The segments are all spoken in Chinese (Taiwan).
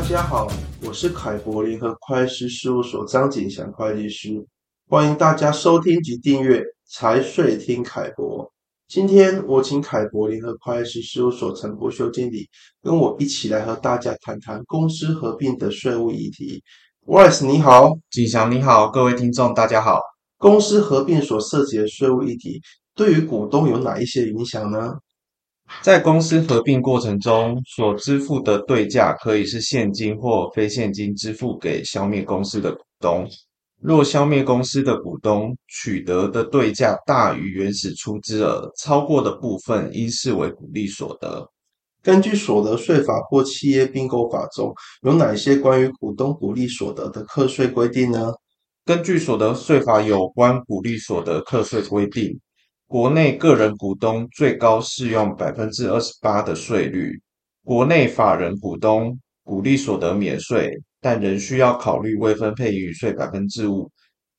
大家好，我是凱博聯合會計師事務所張景祥會計師，歡迎大家收聽及訂閱財稅聽凱博。今天我請凱博聯合會計師事務所陳國修經理跟我一起來和大家談談公司合併的稅務議題。Wise，你好，景祥，你好，各位聽眾大家好。公司合併所涉及的稅務議題，對於股東有哪一些影響呢？在公司合併過程中所支付的對價，可以是現金或非現金支付給消滅公司的股東。若消滅公司的股東取得的對價大於原始出資額，超過的部分應視為股利所得。根據所得稅法或企業併購法中有哪些關於股東股利所得的課稅規定呢？根據所得稅法有關股利所得課稅規定。國內個人股東最高適用百分之二十八的稅率，國內法人股東股利所得免稅，但仍需要考慮未分配盈餘稅百分之五。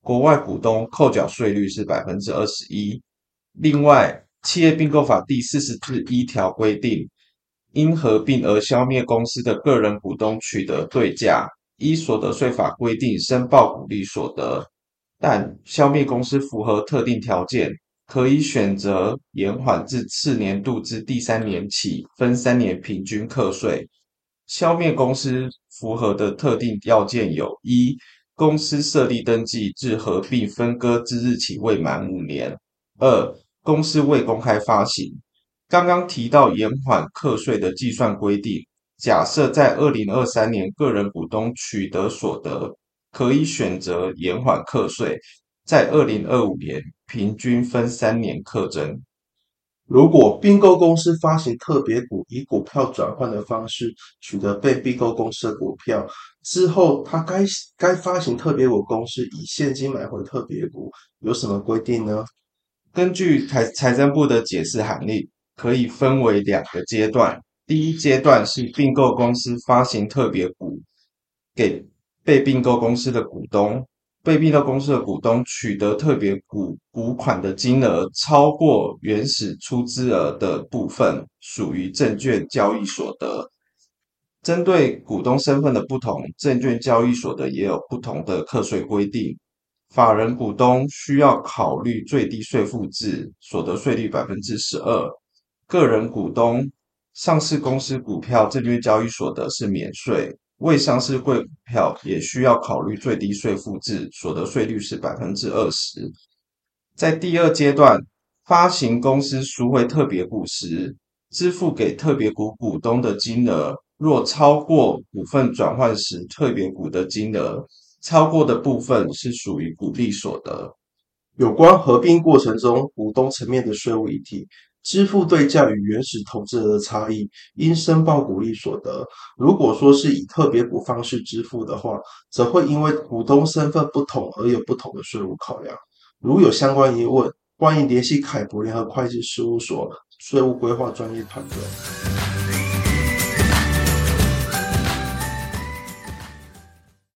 國外股東扣繳稅率是百分之二十一。另外，《企業併購法》第四十一條規定，因合併而消滅公司的個人股東取得對價，依所得稅法規定申報股利所得，但消滅公司符合特定條件，可以選擇延緩至次年度之第三年起分三年平均課稅。消滅公司符合的特定要件有：一、公司設立登記至合併分割之日起未滿五年；二、公司未公開發行。剛剛提到延緩課稅的計算規定，假設在二零二三年個人股東取得所得，可以選擇延緩課稅。在二零二五年平均分三年課徵。如果併購公司發行特別股，以股票轉換的方式取得被併購公司的股票之後他，它該該發行特別股公司以現金買回特別股有什麼規定呢？根據財財政部的解釋函令，可以分為兩個階段。第一階段是併購公司發行特別股給被併購公司的股東。被併購公司的股東取得特別股股款的金額超過原始出資額的部分，屬於證券交易所得。針對股東身份的不同，證券交易所得也有不同的課稅規定。法人股東需要考慮最低稅負制，所得稅率百分之十二；個人股東，上市公司股票證券交易所得是免稅。未上市櫃股票也需要考慮最低稅負制，所得稅率是百分之二十。在第二階段，發行公司贖回特別股時，支付給特別股股東的金額若超過股份轉換時特別股的金額，超過的部分是屬於股利所得。有關合併過程中股東層面的稅務議題。支付對價與原始投資額的差異，應申報股利所得。如果說是以特別股方式支付的話，則會因為股東身份不同而有不同的稅務考量。如有相關疑問，歡迎聯繫凱博聯合會計師事務所稅務規劃專業團隊。